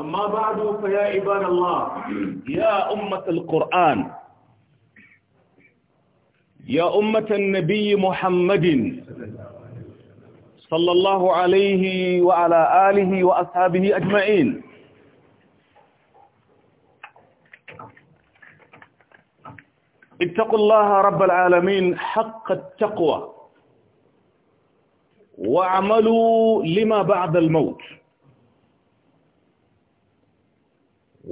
أما بعد فيا عباد الله يا أمة القرآن يا أمة النبي محمد صلى الله عليه وعلى آله وأصحابه أجمعين اتقوا الله رب العالمين حق التقوى وعملوا لما بعد الموت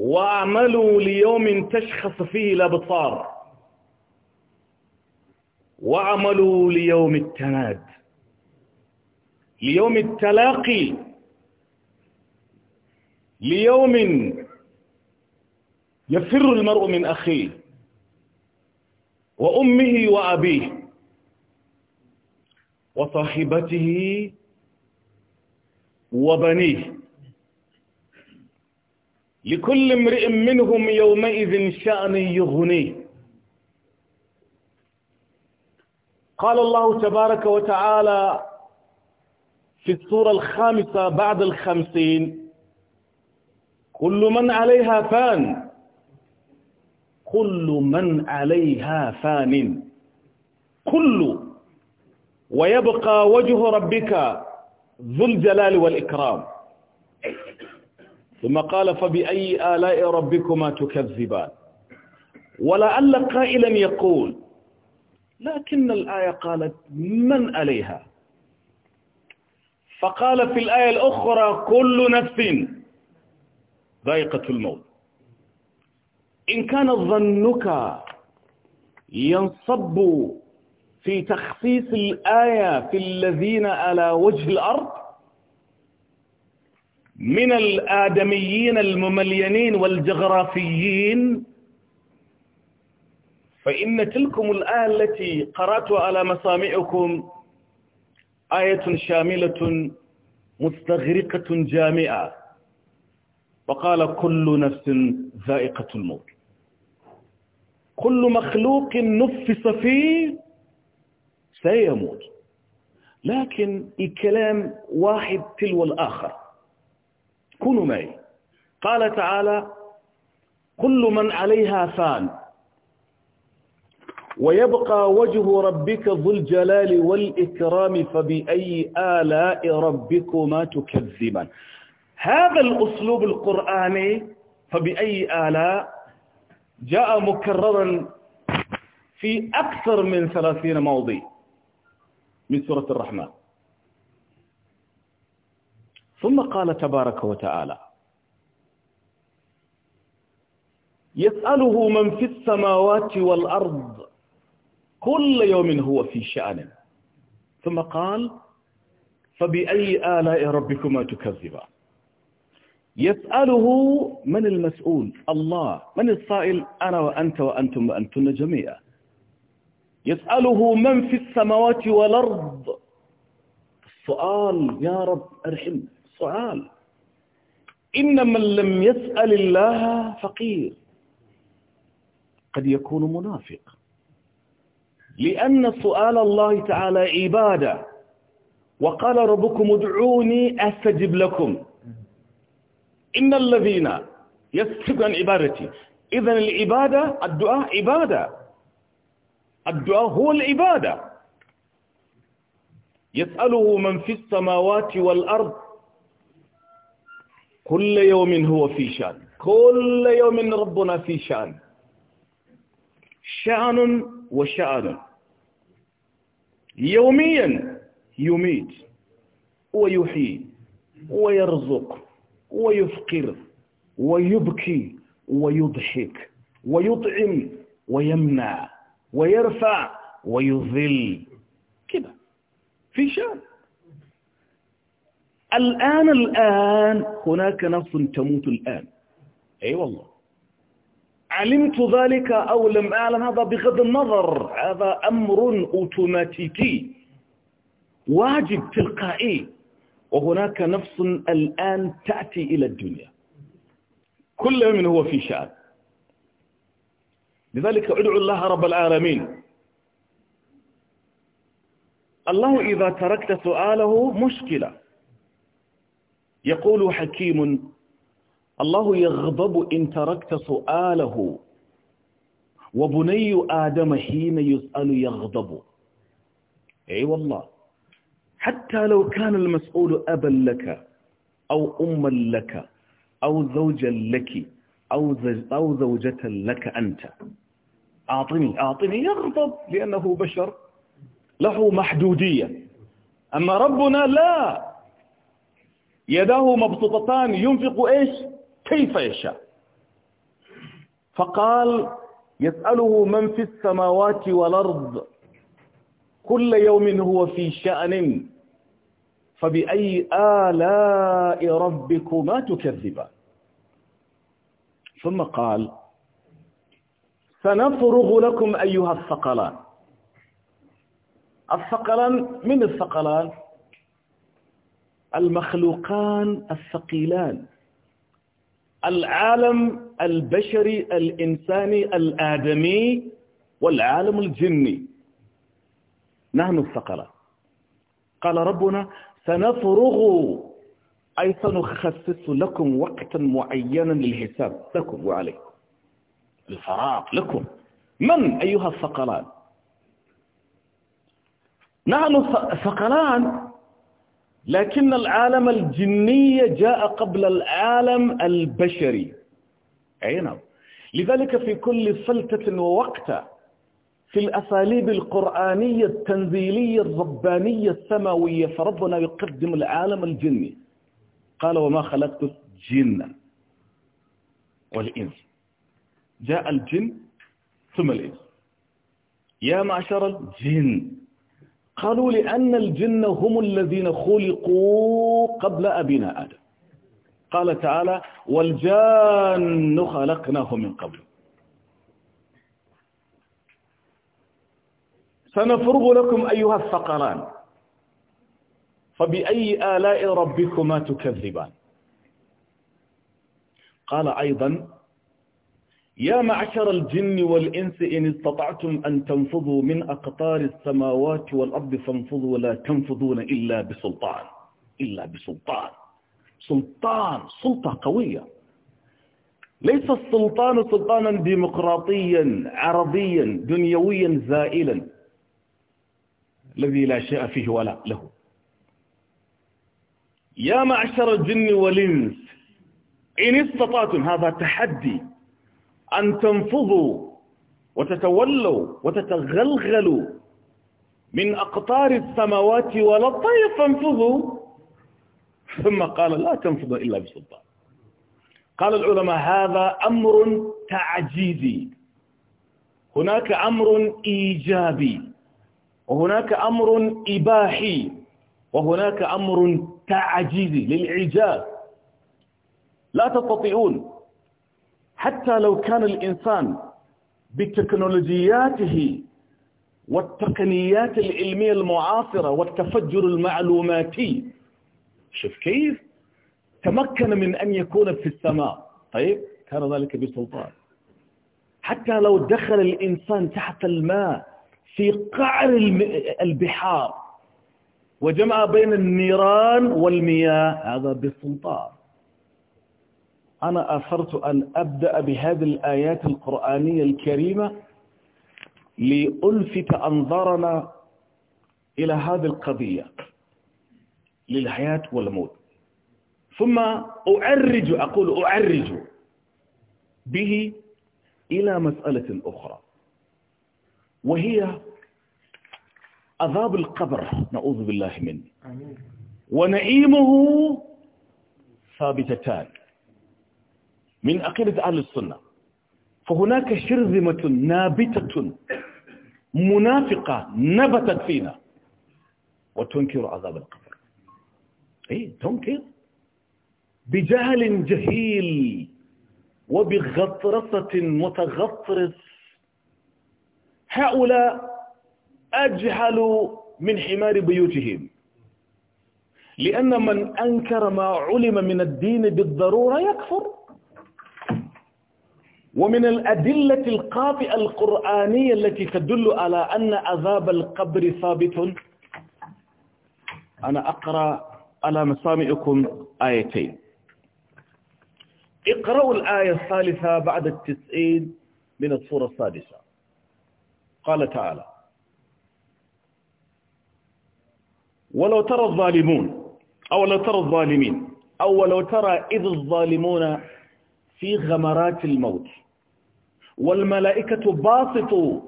واعملوا ليوم تشخص فيه الأبصار واعملوا ليوم التناد ليوم التلاقي ليوم يفر المرء من أخيه وأمه وأبيه وصاحبته وبنيه لكل امرئ منهم يومئذ شأن يغنيه قال الله تبارك وتعالى في السورة الخامسة بعد الخمسين كل من عليها فان كل من عليها فان كل ويبقى وجه ربك ذو الجلال والإكرام ثم قال فبأي آلاء ربكما تكذبان ولعل قائلا يقول لكن الآية قالت من عليها فقال في الآية الأخرى كل نفس ذائقة الموت إن كان ظنك ينصب في تخصيص الآية في الذين على وجه الأرض من الآدميين المملينين والجغرافيين فإن تلكم الآية التي قرأتها على مسامعكم آية شاملة مستغرقة جامعة وقال كل نفس ذائقة الموت كل مخلوق نفس فيه سيموت لكن الكلام واحد تلو الآخر كونوا معي قال تعالى كل من عليها فان ويبقى وجه ربك ذو الجلال والإكرام فبأي آلاء ربكما تكذبان هذا الأسلوب القرآني فبأي آلاء جاء مكررا في أكثر من ثلاثين موضع من سورة الرحمن ثم قال تبارك وتعالى يسأله من في السماوات والأرض كل يوم هو في شأن ثم قال فبأي آلاء ربكما تكذبان يسأله من المسؤول الله من الصائل أنا وأنت وأنتم وأنتن جميعا يسأله من في السماوات والأرض السؤال يا رب ارحمنا السؤال إن من لم يسأل الله فقير قد يكون منافق لأن سؤال الله تعالى عبادة وقال ربكم ادعوني أستجب لكم إن الذين يستجب عن عبادتي إذا العبادة الدعاء عبادة الدعاء هو العبادة يسأله من في السماوات والأرض كل يوم هو في شأن كل يوم ربنا في شأن شأن وشأن يوميا يميت ويحيي ويرزق ويفقر ويبكي ويضحك ويطعم ويمنع ويرفع ويذل كده في شأن الآن الآن هناك نفس تموت الآن أي أيوة والله علمت ذلك أو لم أعلم هذا بغض النظر هذا أمر أوتوماتيكي واجب تلقائي وهناك نفس الآن تأتي إلى الدنيا كل يوم هو في شأن لذلك ادعو الله رب العالمين الله إذا تركت سؤاله مشكلة يقول حكيم الله يغضب إن تركت سؤاله وبني آدم حين يسأل يغضب أي والله حتى لو كان المسؤول أبا لك أو أما لك أو زوجا لك أو, أو زوجة لك أنت أعطني أعطني يغضب لأنه بشر له محدودية أما ربنا لا يداه مبسوطتان ينفق إيش كيف يشاء فقال يسأله من في السماوات والأرض كل يوم هو في شأن فبأي آلاء ربكما تكذبان ثم قال سنفرغ لكم أيها الثقلان الثقلان من الثقلان المخلوقان الثقيلان العالم البشري الإنساني الآدمي والعالم الجني نحن الثقلة قال ربنا سنفرغ أي سنخصص لكم وقتا معينا للحساب لكم وعليكم الفراغ لكم من أيها الثقلان نحن الثقلان لكن العالم الجني جاء قبل العالم البشري أي نعم لذلك في كل فلتة ووقت في الأساليب القرآنية التنزيلية الربانية السماوية فربنا يقدم العالم الجني قال وما خلقت جنا والإنس جاء الجن ثم الإنس يا معشر الجن قالوا لأن الجن هم الذين خلقوا قبل أبينا آدم قال تعالى والجان خلقناه من قبل سنفرغ لكم أيها الثقلان فبأي آلاء ربكما تكذبان قال أيضا يا معشر الجن والإنس إن استطعتم أن تنفضوا من أقطار السماوات والأرض فانفضوا ولا تنفضون إلا بسلطان إلا بسلطان سلطان سلطة قوية ليس السلطان سلطانا ديمقراطيا عربيا دنيويا زائلا الذي لا شيء فيه ولا له يا معشر الجن والإنس إن استطعتم هذا تحدي أن تنفضوا وتتولوا وتتغلغلوا من أقطار السماوات والأرض فانفضوا ثم قال لا تنفضوا إلا بسلطان قال العلماء هذا أمر تعجيزي هناك أمر إيجابي وهناك أمر إباحي وهناك أمر تعجيزي للإعجاز لا تستطيعون حتى لو كان الإنسان بتكنولوجياته والتقنيات العلمية المعاصرة والتفجر المعلوماتي شوف كيف تمكن من أن يكون في السماء طيب كان ذلك بسلطان حتى لو دخل الإنسان تحت الماء في قعر البحار وجمع بين النيران والمياه هذا بسلطان أنا أثرت أن أبدأ بهذه الآيات القرآنية الكريمة لألفت أنظارنا إلى هذه القضية للحياة والموت ثم أعرج أقول أعرج به إلى مسألة أخرى وهي عذاب القبر نعوذ بالله منه ونعيمه ثابتتان من عقيدة أهل السنة فهناك شرذمة نابتة منافقة نبتت فينا وتنكر عذاب القبر اي تنكر بجهل جهيل وبغطرسة متغطرس هؤلاء أجهل من حمار بيوتهم لأن من أنكر ما علم من الدين بالضرورة يكفر ومن الأدلة القاطئة القرآنية التي تدل على أن عذاب القبر ثابت أنا أقرأ على مسامعكم آيتين اقرأوا الآية الثالثة بعد التسعين من الصورة السادسة قال تعالى ولو ترى الظالمون أو لو ترى الظالمين أو لو ترى إذ الظالمون في غمرات الموت والملائكة باسطوا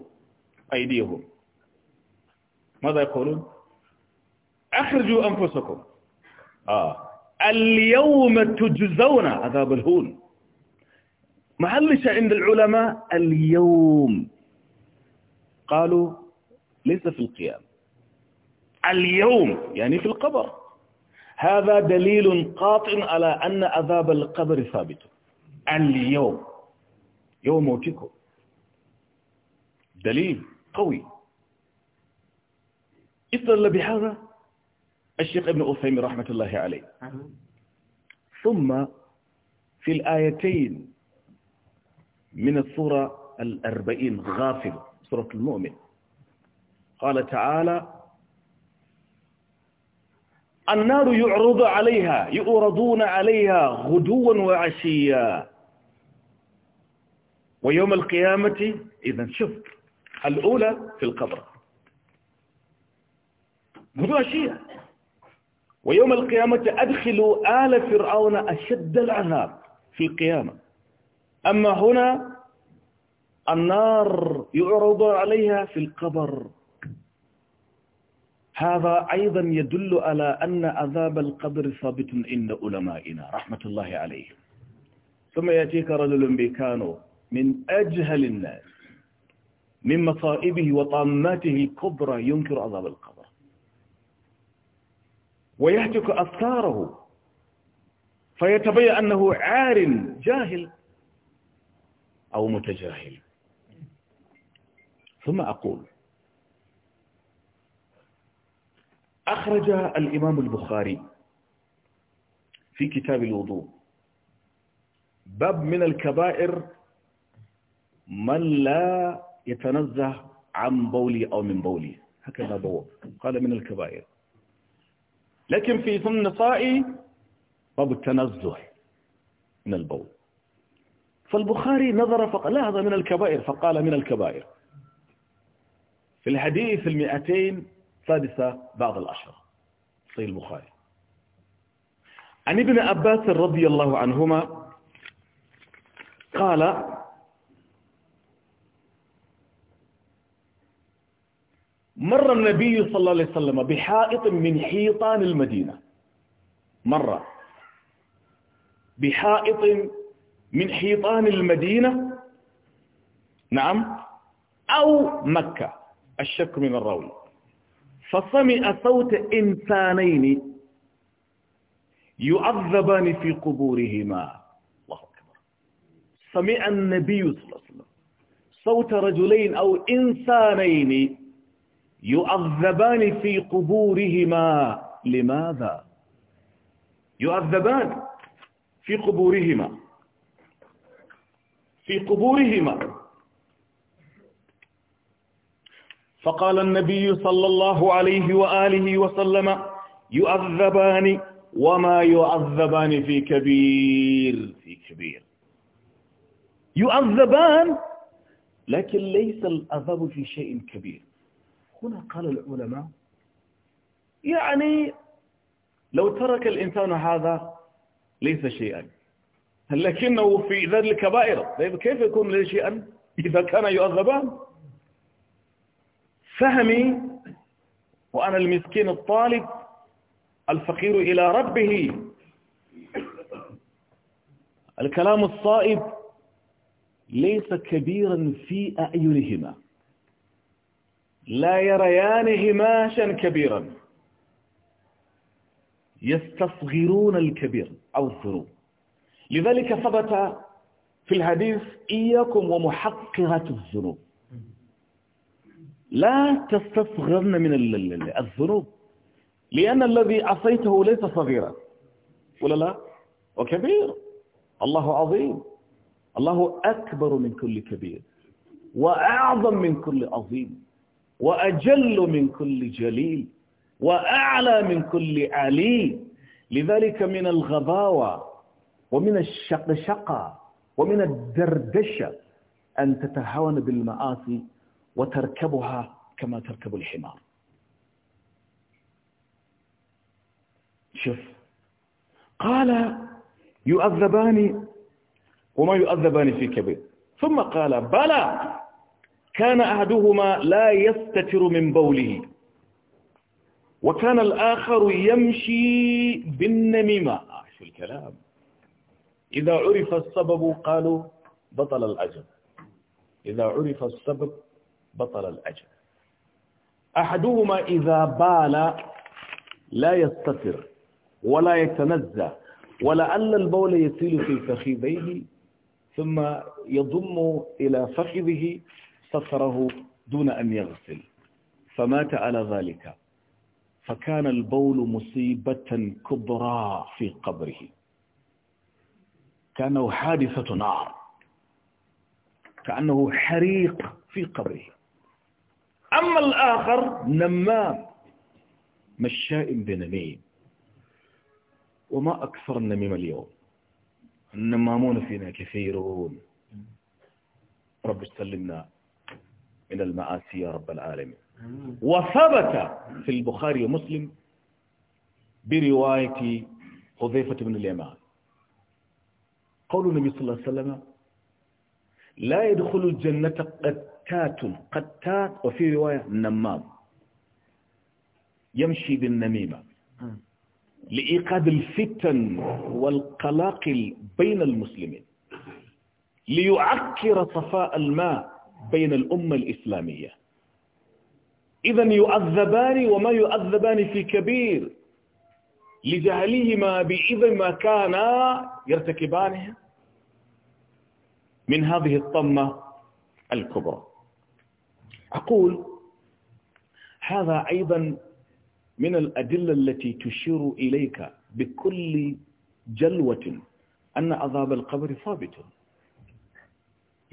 أيديهم ماذا يقولون أخرجوا أنفسكم آه. اليوم تجزون عذاب الهون معلش عند العلماء اليوم قالوا ليس في القيام اليوم يعني في القبر هذا دليل قاطع على أن عذاب القبر ثابت اليوم يوم موتكم دليل قوي استدل بهذا الشيخ ابن أثيم رحمة الله عليه ثم في الآيتين من السورة الأربعين غافل سورة المؤمن قال تعالى النار يعرض عليها يؤرضون عليها غدوا وعشيا ويوم القيامة إذا شوف الأولى في القبر موضوع شيء ويوم القيامة أدخلوا آل فرعون أشد العذاب في القيامة أما هنا النار يعرض عليها في القبر هذا أيضا يدل على أن عذاب القبر ثابت عند علمائنا رحمة الله عليهم ثم يأتيك رجل بكانو من أجهل الناس من مصائبه وطاماته الكبرى ينكر عذاب القبر ويهتك أفكاره فيتبين أنه عار جاهل أو متجاهل ثم أقول أخرج الإمام البخاري في كتاب الوضوء باب من الكبائر من لا يتنزه عن بولي أو من بولي هكذا بواب قال من الكبائر لكن في ثم نصائي باب التنزه من البول فالبخاري نظر فقال لا هذا من الكبائر فقال من الكبائر في الحديث المئتين سادسة بعض العشر صحيح البخاري عن ابن عباس رضي الله عنهما قال مر النبي صلى الله عليه وسلم بحائط من حيطان المدينة مر بحائط من حيطان المدينة نعم أو مكة الشك من الرول فسمع صوت إنسانين يعذبان في قبورهما الله أكبر سمع النبي صلى الله عليه وسلم صوت رجلين أو إنسانين يؤذبان في قبورهما لماذا يؤذبان في قبورهما في قبورهما فقال النبي صلى الله عليه وآله وسلم يؤذبان وما يعذبان في كبير في كبير يؤذبان لكن ليس الأذب في شيء كبير هنا قال العلماء يعني لو ترك الإنسان هذا ليس شيئا لكنه في ذلك الكبائر طيب كيف يكون ليس شيئا إذا كان يؤذبان فهمي وأنا المسكين الطالب الفقير إلى ربه الكلام الصائب ليس كبيرا في أعينهما لا يريان هماشا كبيرا يستصغرون الكبير أو أوصروا لذلك ثبت في الحديث إياكم ومحققة الذنوب لا تستصغرن من الذنوب لأن الذي عصيته ليس صغيرا ولا لا وكبير الله عظيم الله أكبر من كل كبير وأعظم من كل عظيم وأجل من كل جليل وأعلى من كل علي لذلك من الغباوة ومن الشقشقة ومن الدردشة أن تتهاون بالمآسي وتركبها كما تركب الحمار شوف قال يؤذبان وما يؤذبان في كبير ثم قال بلى كان أحدهما لا يستتر من بوله وكان الآخر يمشي بالنميمة آه، شو الكلام إذا عرف السبب قالوا بطل الأجر إذا عرف السبب بطل الأجر أحدهما إذا بال لا يستتر ولا يتنزه ولعل البول يسيل في فخذيه ثم يضم إلى فخذه فسره دون أن يغسل فمات على ذلك فكان البول مصيبة كبرى في قبره كانه حادثة نار كأنه حريق في قبره أما الآخر نمام مشاء بنميم وما أكثر النميم اليوم النمامون فينا كثيرون رب سلمنا من المعاسي يا رب العالمين وثبت في البخاري ومسلم برواية حذيفة بن اليمان قول النبي صلى الله عليه وسلم لا يدخل الجنة قتات قتات وفي رواية نمام يمشي بالنميمة آه. لإيقاد الفتن والقلاقل بين المسلمين ليعكر صفاء الماء بين الأمة الإسلامية إذا يؤذبان وما يؤذبان في كبير لجهلهما بإذن ما كانا يرتكبانه من هذه الطمة الكبرى أقول هذا أيضا من الأدلة التي تشير إليك بكل جلوة أن عذاب القبر ثابت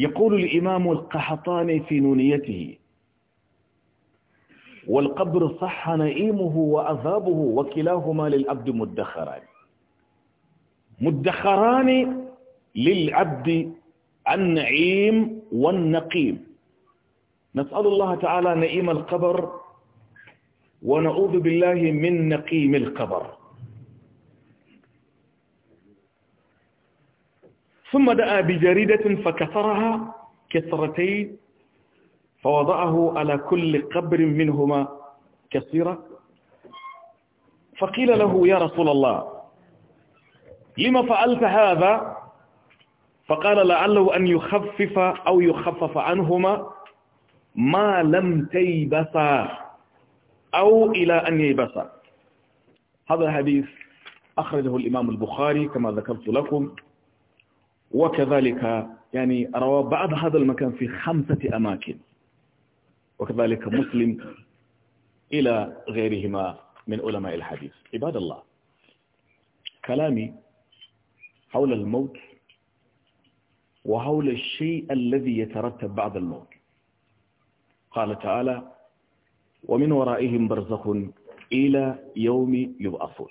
يقول الإمام القحطاني في نونيته والقبر صح نئيمه وأذابه وكلاهما للعبد مدخران مدخران للعبد النعيم والنقيم نسأل الله تعالى نعيم القبر ونعوذ بالله من نقيم القبر ثم دعا بجريدة فكسرها كسرتين فوضعه على كل قبر منهما كسيرة فقيل له يا رسول الله لما فعلت هذا فقال لعله أن يخفف أو يخفف عنهما ما لم تيبسا أو إلى أن ييبسا هذا الحديث أخرجه الإمام البخاري كما ذكرت لكم وكذلك يعني روى بعض هذا المكان في خمسة أماكن وكذلك مسلم إلى غيرهما من علماء الحديث عباد الله كلامي حول الموت وحول الشيء الذي يترتب بعد الموت قال تعالى ومن ورائهم برزخ إلى يوم يبعثون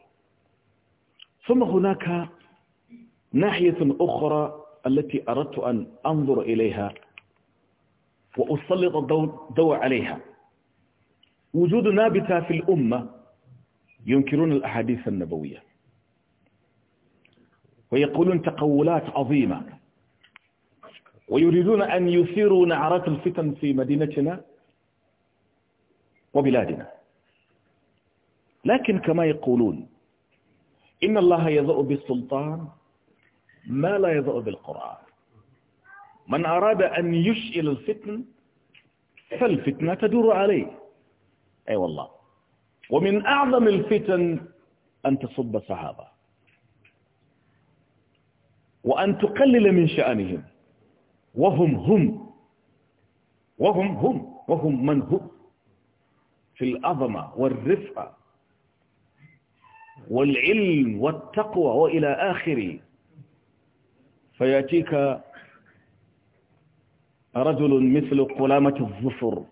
ثم هناك ناحية أخرى التي أردت أن أنظر إليها وأسلط الضوء عليها وجود نابتة في الأمة ينكرون الأحاديث النبوية ويقولون تقولات عظيمة ويريدون أن يثيروا نعرات الفتن في مدينتنا وبلادنا لكن كما يقولون إن الله يضع بالسلطان ما لا يضر بالقرآن من أراد أن يشئل الفتن فالفتنة تدور عليه أي أيوة والله ومن أعظم الفتن أن تصب صحابة وأن تقلل من شأنهم وهم هم وهم هم وهم من هم في العظمة والرفقة والعلم والتقوى وإلى آخره فيأتيك رجل مثل قلامة الظفر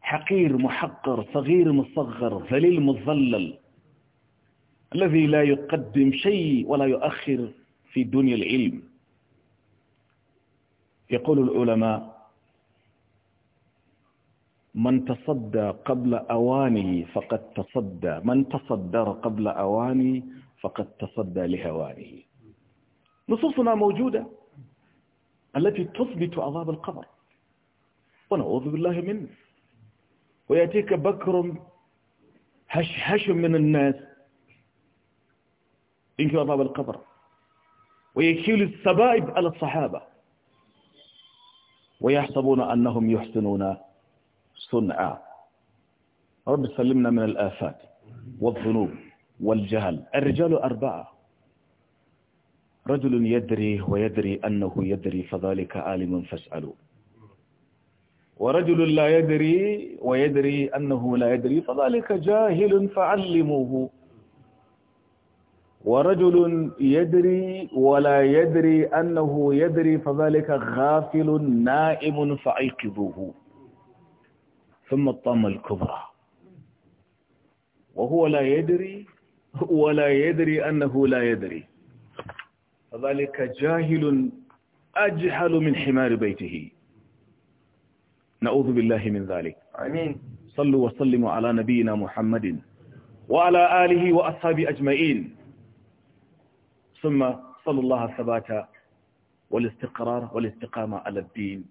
حقير محقر صغير مصغر ذليل مظلل الذي لا يقدم شيء ولا يؤخر في دنيا العلم يقول العلماء من تصدى قبل أوانه فقد تصدى من تصدر قبل أوانه فقد تصدى لهوانه نصوصنا موجودة التي تثبت عذاب القبر ونعوذ بالله منه ويأتيك بكر هشهش من الناس ينكر عذاب القبر ويشيل السبائب على الصحابة ويحسبون أنهم يحسنون صنعا رب سلمنا من الآفات والذنوب والجهل الرجال أربعة رجل يدري ويدري أنه يدري فذلك عالم فاسألوا ورجل لا يدري ويدري أنه لا يدري فذلك جاهل فعلموه ورجل يدري ولا يدري أنه يدري فذلك غافل نائم فأيقظوه ثم الطامة الكبرى وهو لا يدري ولا يدري أنه لا يدري فذلك جاهل أجهل من حمار بيته نعوذ بالله من ذلك آمين صلوا وسلموا على نبينا محمد وعلى آله وأصحابه أجمعين ثم صلى الله الثبات والاستقرار والاستقامة على الدين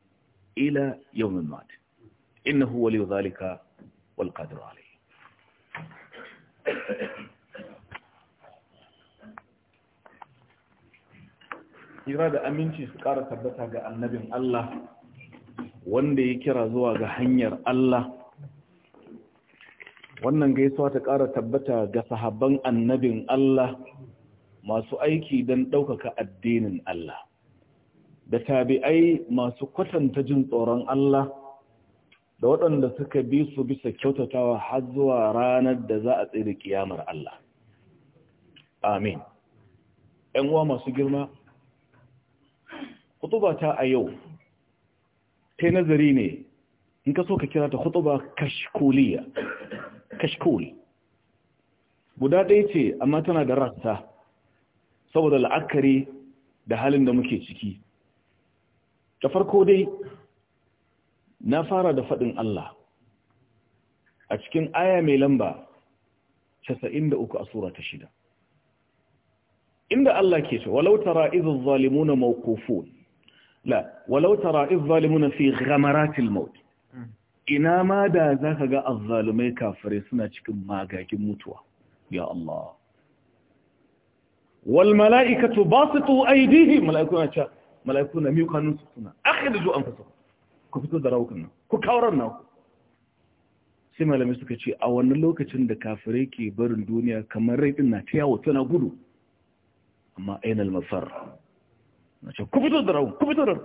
إلى يوم المات إنه ولي ذلك والقادر عليه Kira da aminci su ƙara tabbata ga annabin Allah wanda ya kira zuwa ga hanyar Allah wannan gaisuwa ta ƙara tabbata ga sahabban annabin Allah masu aiki don ɗaukaka addinin Allah da tabi'ai masu kwatanta jin tsoron Allah da waɗanda suka bi su bisa kyautatawa har zuwa ranar da za a tsere kiyamar Allah. Amin. ‘Yan uwa masu girma, khutuba ta a yau ta nazari ne in ka so ka kira ta khutuba kashkuliya kashkul guda ɗaya ce amma tana da rassa saboda la'akari da halin da muke ciki da farko dai na fara da faɗin Allah a cikin aya mai lamba 93 a sura ta shida inda Allah ke ce walau tara izu zalimuna mawqufun لا ولو ترى الظالمون في غمرات الموت إنا ماذا ذاكك الظالمين كافرين سنجك ماكاك متوى يا الله والملائكة باسطوا أيديهم ملائكونا شاء ملائكونا ميوكا ننسطنا أخرجوا أنفسهم كفتوا كنا ككورنا سيما لم يسوكا شيء أولا لوكا شند كافريكي برن دونيا كمريتنا تياوتنا بلو أما أين المفر؟ na ce ku fito da rahu ku fito da rahu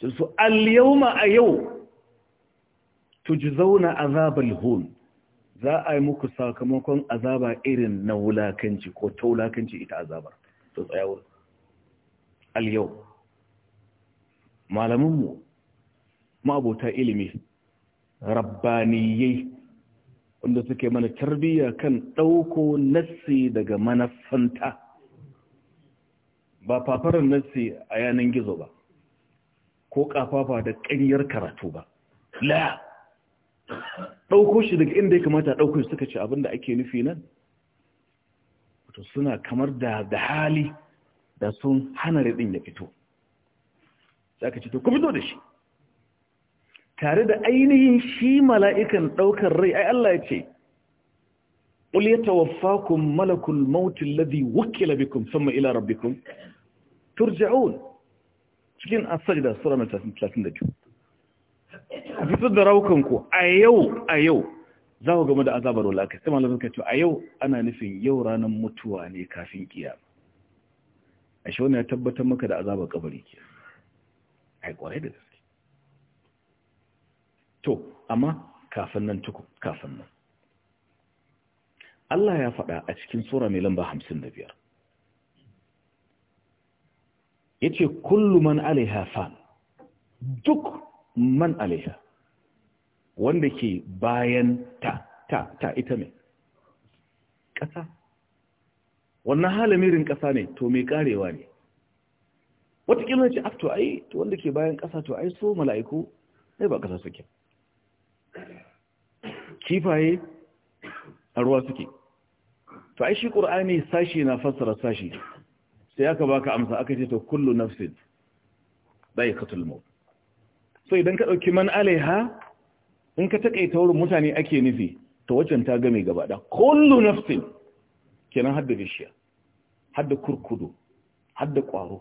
Sun su al a yau tujzauna azabal hun za a yi muku sakamakon azaba irin na wulakanci ko ta wulakanci ita azabar to tsayawar al-yau ma ma'abota ilimi rabbaniyai wanda suke mana tarbiyya kan ɗauko nassi daga manafanta ba fafaran nasi a yanan gizo ba ko kafafa da ƙanyar karatu ba la ɗauko shi daga inda ya kamata ɗauko shi suka ce abinda ake nufi nan suna kamar da da hali da sun hana ɗin ya fito za ce to ku fito da shi tare da ainihin shi mala'ikan ɗaukar rai ai Allah ya ce ƙul ya tawaffa kun malakul mautin ladi wakila sama ila rabbikun turja'un cikin as-sajda sura 32 a fitar da raukanku a yau a yau za ku game da azabar walaka sai malamin ka ce a yau ana nufin yau ranar mutuwa ne kafin kiyama a shi wannan ya tabbatar maka da azabar kabari ke ai kwarai da gaske to amma kafin nan tuku kafin nan Allah ya faɗa a cikin sura mai lamba 55 ya ce kullu man alaiha fan duk man alaiha wanda ke bayan ta ta ta ita mai ƙasa wannan halamirin ƙasa ne to mai ƙarewa ne watakila ce afto ah, ai to wanda ke bayan ƙasa to ai so mala'iku ai ba ƙasa suke kifaye a ruwa suke to ai shi ƙur'ani sashi na fassara sashi sai aka baka amsa aka ce to kullu nafsin dha'iqatul maut so idan ka dauki man alaiha in ka takaita wurin mutane ake nufi to wajen ta game gaba da kullu nafsin kenan hadda bishiya hadda kurkudu hadda kwaro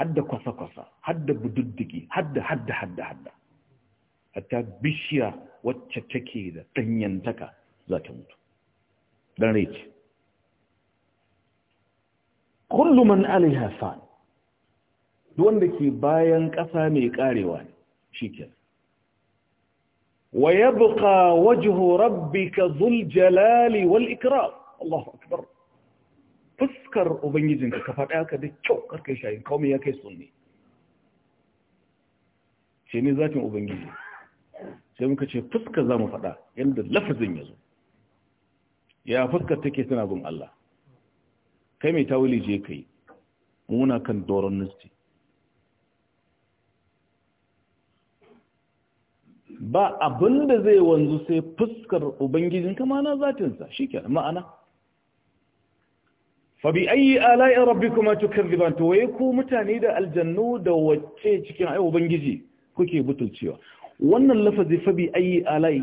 hadda kwasa-kwasa hadda bududdigi hadda hadda hadda hadda hatta bishiya wacce take da danyantaka za ta mutu dan rai kullu man alaiha fan duk wanda ke bayan ƙasa mai karewa ne shikenan wa yabqa wajhu rabbika dhul jalali wal ikram Allahu akbar fuskar ubangijinka ka faɗa ka da kyau karkai shayin kawai ya kai sunni shi ne zatin ubangiji sai muka ce fuska za mu faɗa yadda lafazin ya zo ya fuskar take suna bin Allah kai mai tawili je kai muna kan doron nisti ba abinda da zai wanzu sai fuskar ubangijin kama na zatinsa shi ke ma'ana fabi ayi ala'in rabbi kuma tukar liban to waye ku mutane da aljannu da wacce cikin ayi ubangiji kuke butulcewa wannan lafazi fabi ayi ala'i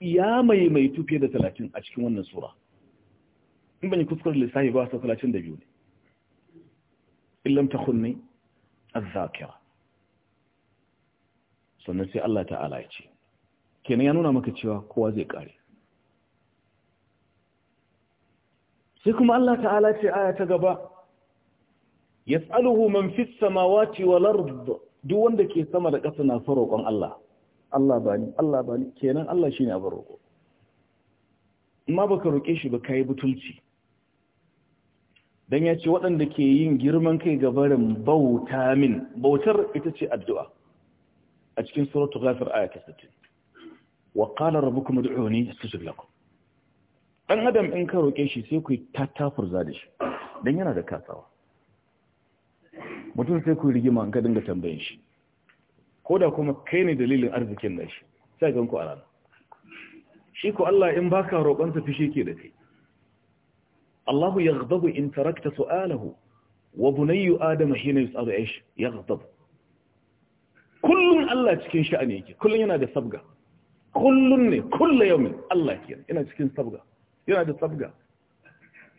ya maimaitu fiye da talatin a cikin wannan sura in ban yi kuskure lissafi ba sau talatin da biyu ne illam ta kunne zakira sannan sai Allah ta'ala ya ce kenan ya nuna maka cewa kowa zai kare sai kuma Allah ta'ala ce aya ta gaba yas'aluhu man fis samawaci wal ard duk wanda ke sama da ƙasa na farokon Allah Allah bani Allah bani kenan Allah shi ne abin roko ma baka roƙe shi ba yi butulci Dan ya ce waɗanda ke yin girman kai gabarin bauta min bautar ita ce addu'a a cikin suratu ghafir aya ta 60 wa qala rabbukum ud'uni astajib lakum dan adam in ka roke shi sai ku tattafur za da shi dan yana da kasawa mutum sai ku rigima ga dinga tambayin shi ko da kuma kai ne dalilin arzikin nashi sai ganku a rana shi ko Allah in baka roƙon sa fishi ke da kai Allahu yaghdabu in tarakta su'alahu wa bunayyu adama hina yus'alu aish yaghdabu kullun Allah cikin sha'ani yake kullun yana da sabga kullun ne kullu yawmin Allah yake yana cikin sabga yana da sabga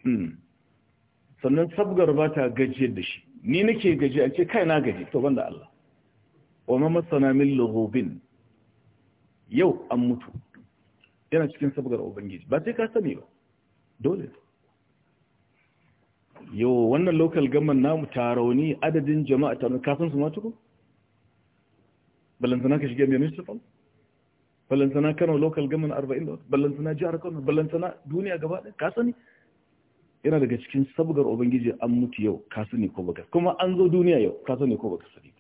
hmm. sannan sabgar ba ta gajiyar da shi ni nake gaji a ce kai na gaji to banda Allah wa ma masana min lughubin yau an mutu yana cikin sabgar ubangiji ba sai ka sani ba dole yau wannan local government namu tarauni adadin jama'a tarauni kasan su matuku ballantana ka shiga municipal ballantana kano local government 40 ballantana jihar kano ballantana duniya gaba ɗaya ka sani yana daga cikin sabgar Obangiji an mutu yau ka sani ko baka kuma an zo duniya yau ka sani ko baka sani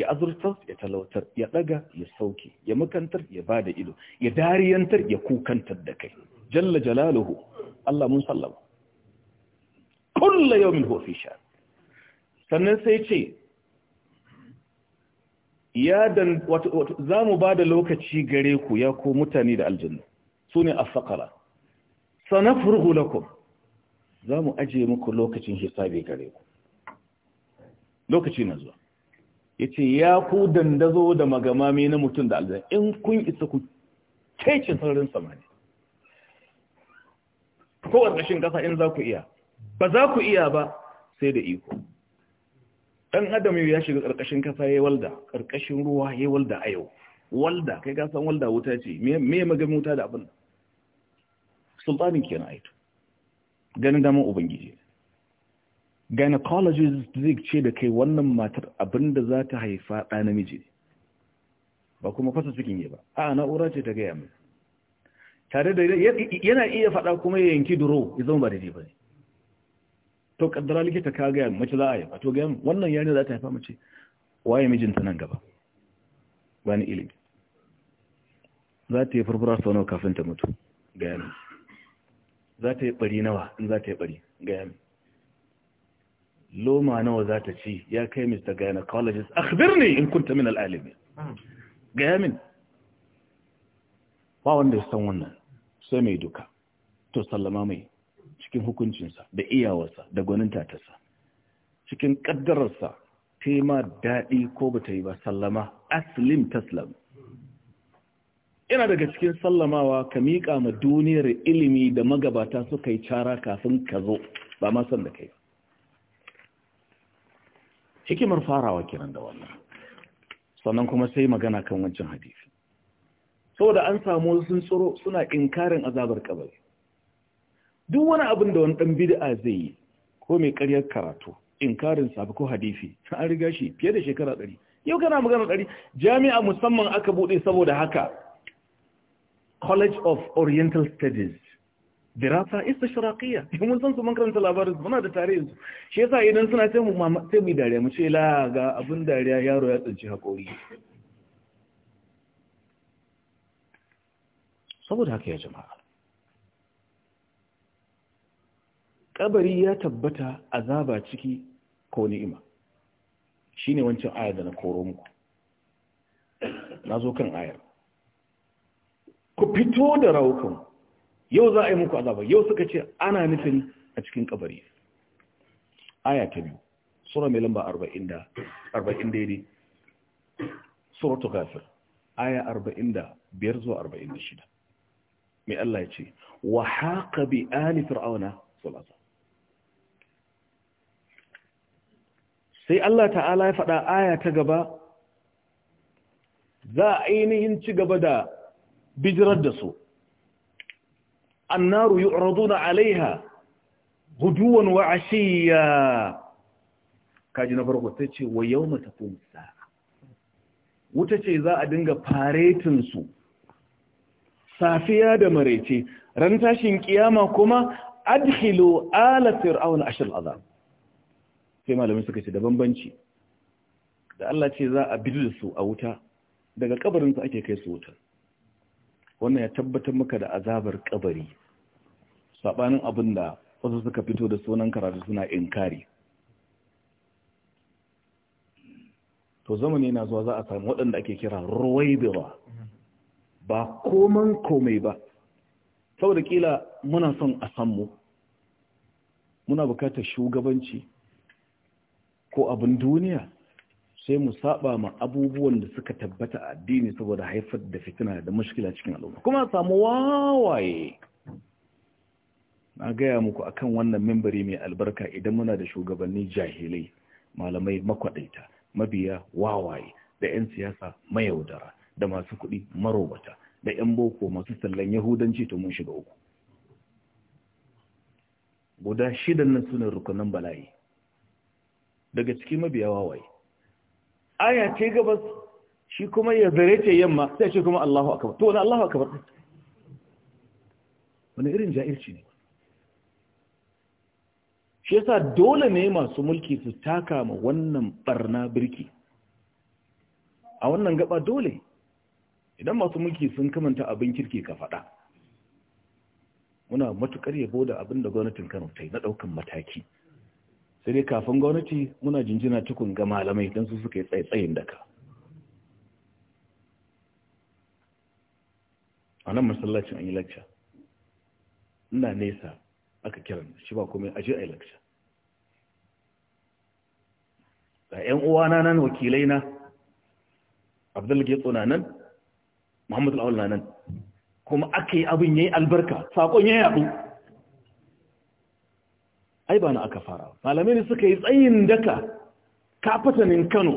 ya azurtar ya talautar ya daga ya sauke ya makantar ya bada ido ya dariyantar ya kukantar da kai jalla jalaluhu Allah mun sallama kulla yau min hofi sha sannan sai ce ya dan za mu ba da lokaci gare ku ya ko mutane da aljanna su ne a asakara sanafurhu lakum za mu ajiye muku lokacin hisabi gare ku lokaci na zuwa ya ce ya ku dandazo da magamami na mutum da aljanna in kun isa ku kecin sararin samani kowace ƙashin ƙasa in za ku iya ba za ku iya ba sai da iko ɗan adam ya shiga ƙarƙashin kasa ya walda ƙarƙashin ruwa ya walda a yau walda kai ka san walda wuta ce me ya magami wuta da abin sultanin kenan aito ganin damar ubangiji gynecologist zai ce da kai wannan matar abin da za ta haifa ɗa namiji ba kuma fasa cikin yi ba a na'ura ce ta gaya mai tare da yana iya faɗa kuma ya yanki duro ya zama ba da ba ne to kaddara likita ka gaya mace za a yi to gaya wannan yarinya za ta haifa mace waye mijinta nan gaba bani ilimi za ta yi furfura sau nawa kafin ta mutu gaya min za ta yi bari nawa in za ta yi bari gaya min loma nawa za ta ci ya kai mr gynecologist birni! in kunta min al'alimi gaya min ba wanda ya san wannan sai mai duka to sallama mai cikin hukuncinsa da iyawarsa da gwanin tatarsa cikin ƙaddararsa ta yi ma daɗi ko ba ta yi ba sallama aslim taslam ina daga cikin sallamawa ka miƙa ma duniyar ilimi da magabata suka yi cara kafin ka zo ba ma san da kai hikimar farawa kiran da wannan sannan kuma sai magana kan wancan hadisi saboda an samu sun tsoro suna inkarin azabar kabari duk wani abin da wani dan bid'a zai yi ko mai ƙaryar karatu in karin sabu ko hadisi an riga shi fiye da shekara ɗari yau kana magana ɗari jami'a musamman aka buɗe saboda haka college of oriental studies dirasa in mun san su mun karanta labarin muna da tarihin su shi yasa idan suna ce mu sai mu dariya mu ce la ga abun dariya yaro ya tsinci hakori saboda haka ya jama'a kabari ya tabbata azaba ciki ko ni'ima shine wancan ayar da na koro muku na zo kan ayar ku fito da raukan yau za a yi muku azaba yau suka ce ana nufin a cikin kabari aya ta biyu sura mai lamba 40 da 40 daidai ta gafir aya da biyar zuwa 46 mai Allah ya ce wa haka bi ali fir'auna sallallahu sai Allah ta'ala ya faɗa aya ta gaba za a ainihin ci gaba da bijirar da su annaru yu'raduna alaiha guduwan wa ashiya kaji na farko sai ce wa yawma taqum wuta ce za a dinga faretin su safiya da maraice ran tashin kiyama kuma adkhilu ala fir'aun ashal azab sai malamai suka ce da bambanci da Allah ce za a bidu da su a wuta daga kabarin su ake kai su wuta wannan ya tabbatar maka da azabar kabari sabanin abin da wasu suka fito da sunan karatu suna inkari to zamani na zuwa za a samu waɗanda ake kira ruwaibira ba koman komai ba saboda kila muna son a san muna bukatar shugabanci ko abin duniya sai mu saba ma abubuwan da suka tabbata a addini saboda haifar da fitina da mashkila cikin al'umma kuma samu wawaye na gaya muku akan wannan membari mai albarka idan muna da shugabanni jahilai malamai makwadaita mabiya wawaye da 'yan siyasa mayaudara da masu kuɗi marobata da 'yan boko masu sallan yahudanci to mun shiga uku guda shidan nan suna rukunan bala'i daga cikin mabiya wawaye aya ce gabas shi kuma ya zare ce yamma sai ce kuma Allahu akbar to wani Allahu akbar wani irin ja'irci ne shi yasa dole ne masu mulki su taka ma wannan barna birki a wannan gaba dole idan masu mulki sun kamanta abin kirki ka faɗa muna matukar yabo da abin da gwamnatin Kano ta yi na ɗaukan mataki sai dai kafin gwamnati muna jinjina tukun ga malamai don su suka yi tsaitsayin daga a nan masallacin an yi lakca ina nesa aka kiran shi ba komai aje a yi lakca da 'yan uwana nan wakilai na abdul getso na nan muhammadu al'awul na nan kuma aka yi abin ya yi albarka saƙon ya yaɗu ai ba na aka fara malamai ne suka yi tsayin daka kafatanin kano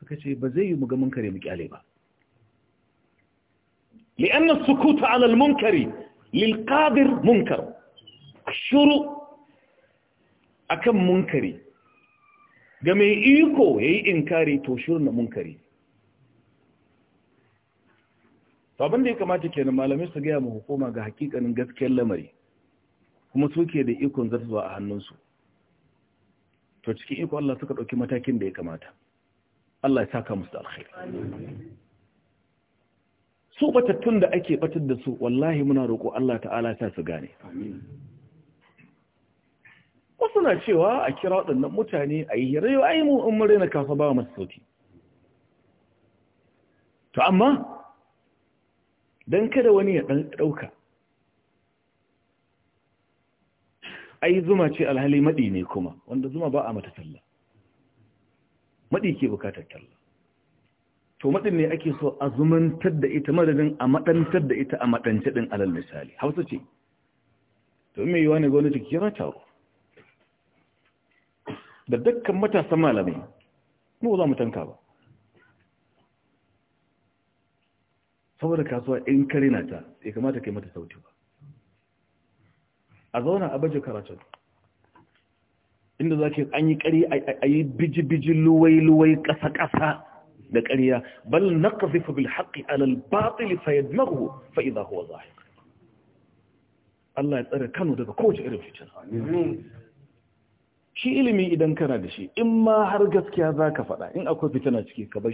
suka ce ba zai yi mu ga munkari mu kyale ba li'anna sukuta alal munkari lil munkar shuru akan munkari ga mai iko yayi inkari to shuru na munkari to abin da ya kamata kenan malamai su ga mu hukuma ga hakikanin gaskiyar lamari kuma suke da ikon zartuwa a hannunsu to cikin iko Allah suka ɗauki matakin da ya kamata Allah ya saka musu alkhairi su batattun da ake batar da su wallahi muna roƙo Allah ta'ala ta su gane wasu na cewa a kira waɗannan mutane a yi rayu a yi mu'amurai na kafa ba masu sauti to amma don kada wani ya ɗauka ai zuma ce alhali maɗi ne kuma wanda zuma ba a mata talla maɗi ke bukatar talla to maɗin ne ake so a zumantar da ita madadin a maɗantar da ita a maɗance ɗin alal misali hausa ce to mai yiwa ne gwamnati kira taro da dukkan matasan malamai mu za mu tanka ba saboda kasuwa in kare na ta ya kamata kai mata sauti ba a zauna a baje karatu. inda za ce an yi kari a yi biji-biji luwai-luwai ƙasa-ƙasa da ƙariya bal na ƙazifa bil haƙi alal baɗili fayad mahu fa'iza za a Allah ya tsare Kano daga kowace irin fitina shi ilimi idan kana da shi in ma har gaskiya za ka faɗa in akwai na ciki ka bar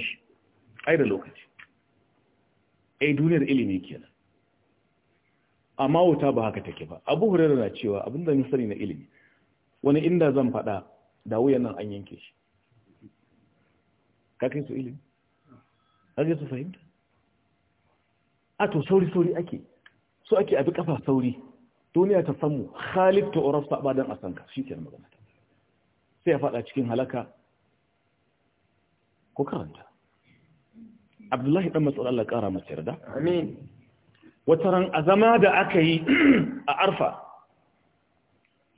ai da lokaci ai duniyar ilimi kenan amma wuta ba haka take ba abu hurairar na cewa abin da sani na ilimi wani inda zan faɗa da wuyan nan an yanke shi ka kai su ilimi har su fahimta a to sauri sauri ake so ake abi kafa sauri duniya ta samu khalid ta orar saba don a ka shi ke magana sai ya faɗa cikin halaka ko karanta abdullahi ɗan matsalar Allah ƙara masu yarda amin wataran a zama da aka yi a arfa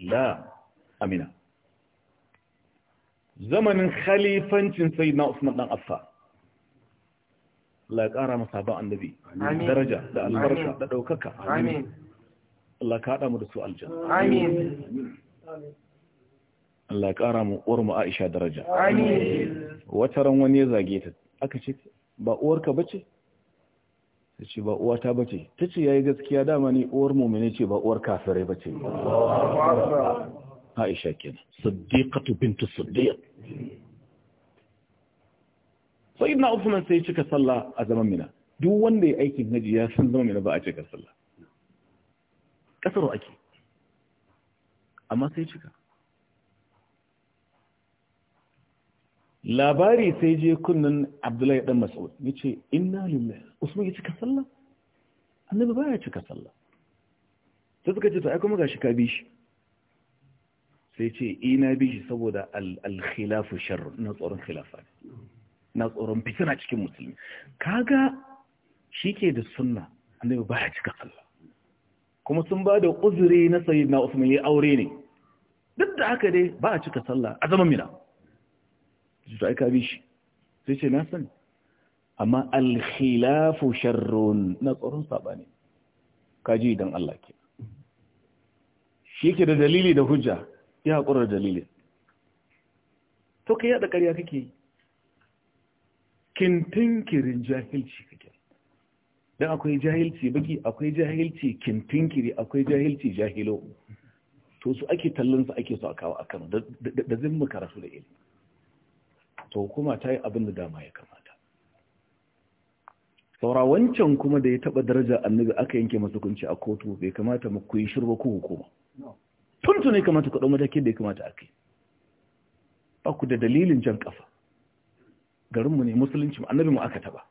la amina zamanin khalifancin sai na usman dan affa Allah ya ƙara masa ba annabi daraja da albarka da ɗaukaka amin Allah ka haɗa mu da su aljanna amin Allah ƙara mu uwar mu Aisha daraja. Amin. Wata ran wani ya zage ta, aka ce ba uwarka ce? ta ce ba uwa ta bace ta ce ya yi gaskiya dama ni uwar mummune ce ba uwar kafirai bace aisha kenan siddiqatu bintu siddiq sai na usman sai cika sallah a zaman mina duk wanda ya aikin haji ya san zaman mina ba a cika sallah kasaro ake amma sai cika labari sai je kunnan abdullahi dan mas'ud ya ce inna lillahi usman ya cika sallah annabi baya cika sallah sai suka ce to ai kuma gashi ka bi shi sai ce ina eh, bi shi saboda al-khilafu sharr na tsoron khilafa na tsoron fitina cikin musulmi kaga shike da sunna annabi baya cika sallah kuma sun ba da uzuri na sayyidina usman ya aure ne duk da haka dai ba a cika sallah a zaman mina su aika bi shi sai ce na sani amma alkhilafu sharrun na tsoron ne kaji idan Allah ke shi ke da dalili da hujja ya haƙura da dalilin to ka yada ƙarya kake yi kintinkirin jahilci kake don akwai jahilci baki akwai jahilci kintinkiri akwai jahilci jahilo to su ake tallinsa ake su a kawo a kano da zin mu karatu da ilimi to hukuma ta yi abin da dama ya kamata saura wancan kuma da ya taba daraja annabi aka yanke masa kunci a kotu bai kamata mu kuyi shirba ko hukuma tuntun ne kamata ku dau matakin da ya kamata a kai ba ku da dalilin jan kafa garinmu ne musulunci annabi mu aka taba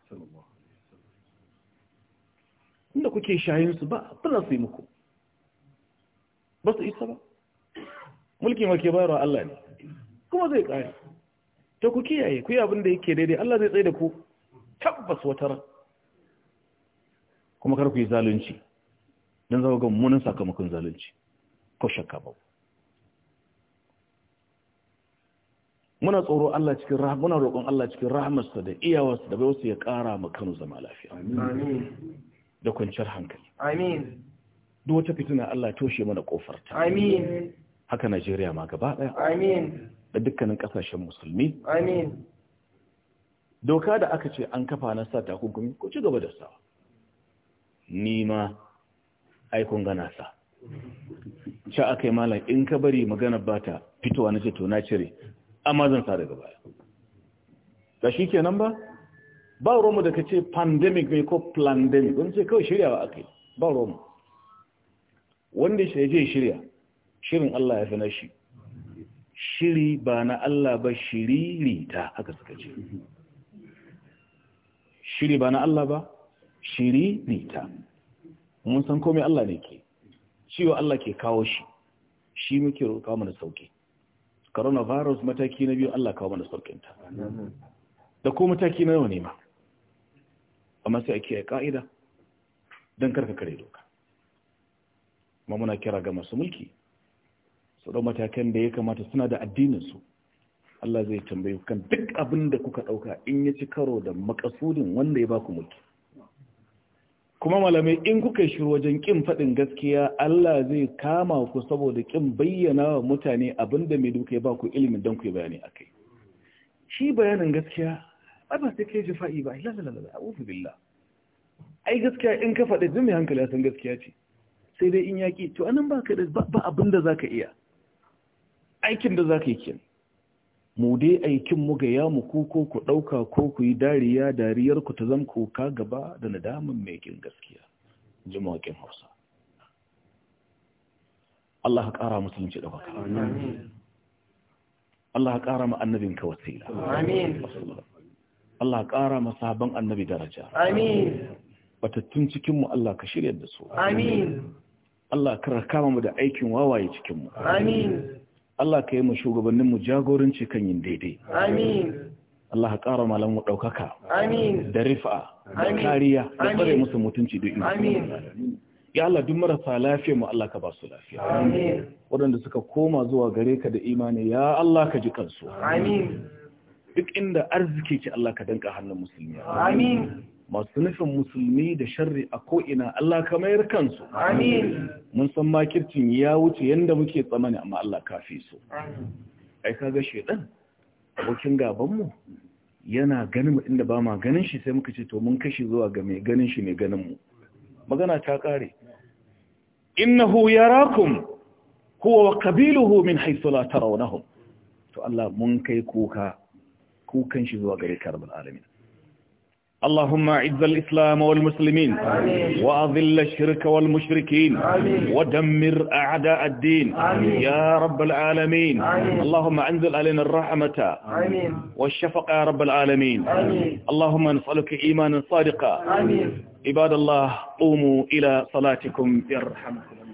inda kuke shayin su ba ba su yi muku ba su isa ba mulkin wake bayarwa Allah ne kuma zai kare to ku kiyaye ku yi abin da yake daidai Allah zai tsaye da ku tabbas wata ran kuma kar ku yi zalunci don zama ga munin sakamakon zalunci ko shakka ba muna tsoro Allah cikin rahama muna roƙon Allah cikin rahamarsa da iyawarsa da baiwarsa ya ƙara mu Kano zama lafiya amin da kwanciyar hankali amin duk wata fitina Allah toshe mana ta amin haka Najeriya ma gaba ɗaya. Amin. Da dukkanin ƙasashen musulmi. Amin. Doka da aka ce an kafa na sa takunkumi ko ci gaba da sa. Ni ma aikun gana sa. Ca aka yi malam in ka bari magana ba ta fitowa na ce to na cire, amma zan sa daga baya. Da shi ke nan ba? Ba Roma da ka ce pandemic mai ko plandemic wani ce kawai shirya ba aka yi, ba Roma. Wanda ya je shirya, shirin Allah ya fi na shi shiri ba na Allah ba rita haka suka ce shiri ba na Allah ba rita. mun san komai Allah ne ke ciwo Allah ke kawo shi shi muke roƙa mana sauki coronavirus mataki na biyu Allah kawo mana saukinta da ko mataki na yau ne ma amma sai a ka'ida don karka kare doka ma muna kira ga masu mulki su ɗau matakan da ya kamata suna da addininsu Allah zai tambayi kan duk abin da kuka ɗauka in ya ci karo da makasudin wanda ya baku mulki kuma malamai in kuka yi shiru wajen ƙin faɗin gaskiya Allah zai kama ku saboda ƙin bayyana wa mutane abin da mai duka ya baku ilimin don ku yi bayani a kai shi bayanin gaskiya ba sai kai jifa'i ba lalalala a'udhu billah ai gaskiya in ka faɗi jin mai hankali san gaskiya ce sai dai in yaƙi to anan ba ka da ba abin da zaka iya aikin da za ka yi kin mu dai aikin mu ga ya ku ko ku ɗauka ko ku yi dariya dariyar ku ta zan koka gaba da nadamin mai kin gaskiya ji hausa Allah ka kara musulunci da baka Allah ka ƙara ma annabinka wasila amin Allah ka ƙara ma sabon annabi daraja amin batattun cikinmu Allah ka shirya da su amin Allah ka rakama mu da aikin wawaye cikinmu amin Allah ka yi mu shugabanninmu jagoranci kan yin daidai. Amin. Allah ka ƙara mu ɗaukaka. Amin. Da rifa, da kariya, da tsare musu mutunci duk Amin. Ya Allah duk marasa lafiyar mu Allah ka ba su lafiya. Amin. Waɗanda suka koma zuwa gare ka da imani ya Allah ka ji kansu. Amin. Duk inda arziki ce Allah ka danka hannun musulmi. Amin. masu nufin musulmi da sharri a ko'ina Allah ka mayar kansu. Mun san makircin ya wuce yadda muke tsamani amma Allah fi so. Ai ka ga shedan abokin gabanmu yana ganin inda ba ma ganin shi sai muka ce to mun kashi zuwa ga mai ganin shi ne ganin mu. Magana ta kare. Innahu yarakum huwa wa qabiluhu min haythu la tarawnahum. To Allah mun kai kuka kukan shi zuwa gare karbal alamin. اللهم اعز الإسلام والمسلمين آمين. وأذل الشرك والمشركين آمين. ودمر أعداء الدين آمين. يا رب العالمين آمين. اللهم أنزل علينا الرحمة آمين. والشفقة يا رب العالمين آمين. اللهم نسألك إيمانا صادقا آمين. عباد الله قوموا إلى صلاتكم يرحمكم